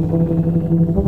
Thank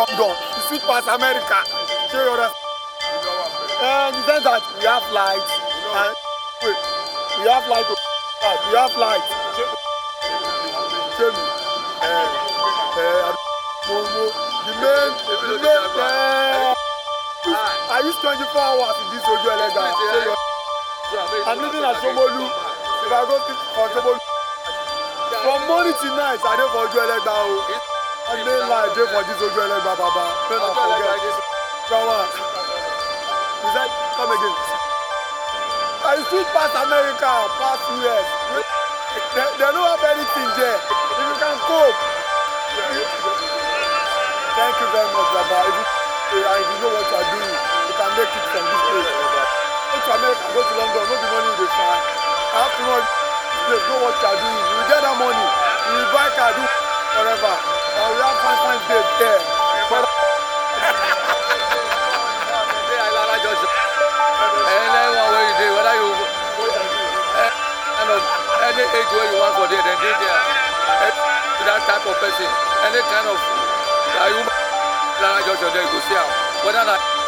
London, the sweet pass America. Show your And eh, the sense that we have light. wait, we have light. We have light. Show me. Uh, the main, the main, uh, I use 24 hours in this Ojo Elega. I'm living at Somolu. If I go to, for Somolu, from morning to night, I don't for Ojo oh ní láìdé kan jí sójú ẹlẹ́gbàá bàbá fẹ́ẹ́ náà I still pass America pass US they, they don't have anything there if you can cope thank you very much baba if you eh, and you know what you are doing you can make it from this place go to America go to London no be money you dey find after all you know what you are doing you get that money you buy car do whatever. Any age where you want for there, then they there. That type of person, any kind of Whether that.